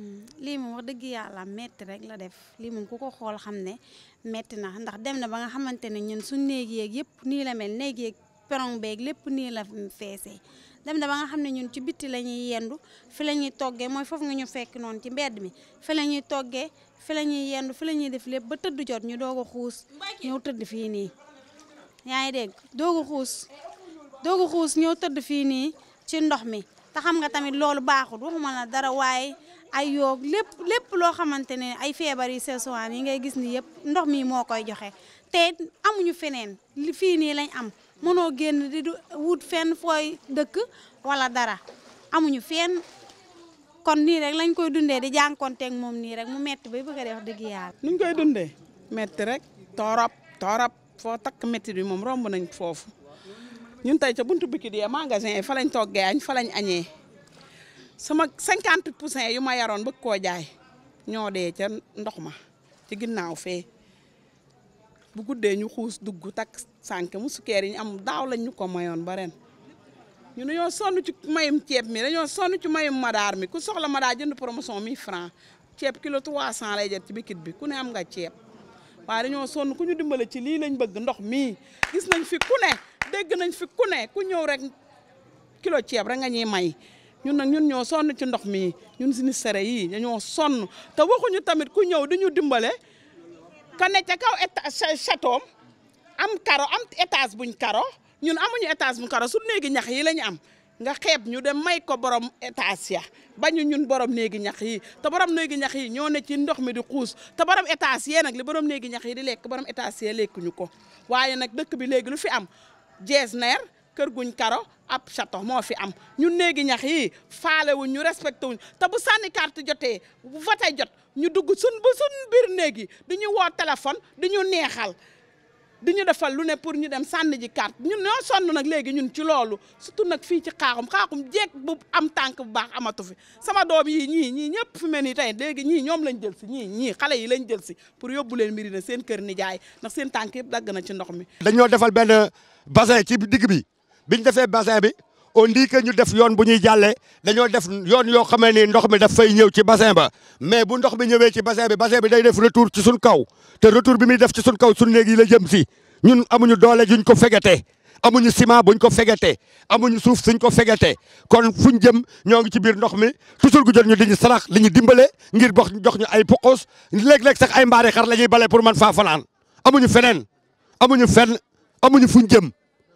Mm. lii moom wax dëgg yàlla metti rek la def lii moom ku ko xool xam ne metti na ndax dem na ba nga xamante ne ñun suñ néeg yeeg yëpp nii la mel néeg yeeg perong beeg lépp nii la feesee dem na ba nga xam ne ñun ci bitti la ñuy yendu fi la ñuy toggee mooy foofu nga ñu fekk noonu ci mbedd mi fi la ñuy toggee fi la ñuy yendu fi la ñuy def lépp ba tëdd jot ñu doog a xuus ñëw tëdd fii nii yaa ngi dégg doog xuus doog xuus ñëw tëdd fii nii ci ndox mi te xam nga tamit loolu baaxul waxuma la dara waaye ay yoog lépp lépp loo xamante ne ay feebar yu seesuwaan yi ngay gis ni yëpp ndox mi moo koy joxe te amuñu feneen li fii nii lañ am mënoo génn di wut fenn fooy dëkk wala dara amuñu fenn kon nii rek lañ koy dundee di jànkonteeg moom nii rek mu metti ba bëgg a def dëgg yàlla. nuñ koy dundee metti rek toorop toorop foo takk metti bi moom romb nañ foofu ñun tey ca buntu bikki di magasin yi fa lañ toggee añ fa lañ añee. สมัคร50ปุ่นยู่มายารอนบุกกว่าใจโยเดจันดอกมาจีกินหนาวเฟบุกเดนยุคูสดุกุตักสังเกตมุสเคอรินอัมดาวเลนยุคอมายอนบารันยูนยอสอนนุชุมาเอ็มเชียมีเรยอสอนนุชุมาเอ็มมาดาร์มีคุณสกลมาดาจันดูโปรโมชั่นมีฟรานเชียกิโลตัวสั่งเลยจัดีบิคิดบิคุณเอ็มกับเทียบว่าเรยอสอนุคุณยูดิมเลชิลีเลนบักกันดอกมีกิสเลนฟิคุณเอ็ดเด็กกันฟิคุณเอ็ดคุณยูเร็งกิโลเชียเร็งเยี่ไหม ñun nag ñun ñoo sonn ci ndox mi ñun sinistre yi dañoo sonn te ñu tamit ku ñëw di ñu dimbale ka ne ca kaw étage château am karo am étage buñ karo ñun amuñu étage buñ karo su néegi ñax yi la ñu am nga xeeb ñu dem may ko borom étage ya bañu ñun borom néegi ñax yi te borom néegi ñax yi ñoo ne ci ndox mi di xuus te borom étage yee nag li borom néegi ñax yi di lekk borom étage yee lekkuñu ko waaye nag dëkk bi léegi lu fi am jees neer kër guñ karo ab château moo fi am ñun néegi ñax yi faale wuñ ñu respecte wuñ te bu sànni carte jote bu vote jot ñu dugg sun bu sun biir néegi du ñu woo téléphone di ñu neexal di ñu defal lu ne pour ñu dem sànni ji carte ñun ñoo sonn nag léegi ñun ci loolu surtout nag fii ci xaaxum xaaxum jeeg bu am tànk bu baax amatu fi sama doom yi ñii ñii ñëpp fi mel ni tey léegi ñii ñoom lañ jël si ñii ñii xale yi lañ jël si pour yóbbu leen mbiri na seen kër nijaay ndax seen tànk yëpp dagg na ci ndox mi. dañoo defal benn bassin ci digg bi biñ defee bassin bi au lieu ñu def yoon bu ñuy jàllee dañoo def yoon yoo xamee ni ndox mi daf fay ñëw ci bassin ba mais bu ndox mi ñëwee ci bassin bi bassin bi day def retour ci suñ kaw te retour bi muy def ci suñ kaw suñ néeg yi la jëm si ñun amuñu doole juñ ko fegatee amuñu ciment buñ ko fegatee amuñu suuf suñ ko fegatee kon fuñ jëm ñoo ngi ci biir ndox mi toujours gu jot ñu diñu sarax li ñu dimbale ngir box jox ñu ay poqos léeg-léeg sax ay mbaari xar la ñuy bale pour man faa fanaan amuñu feneen amuñu fenn amuñu fuñ jëm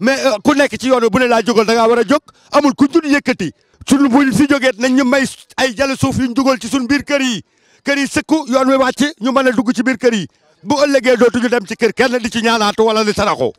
mais euh, ku nekk ci yoon bu ne laa jógal da war a jóg amul ku jun yëkkati suñ buñ si jógeet nañ ñi may ay jale suuf ñu jógal ci suñ biir kër yi kër yi sëkku yoon wi wàcc ñu mën a dugg ci biir kër yi bu ëllëgee dootuñu dem ci kër kenn di ci ñaanaatu wala di saraxoo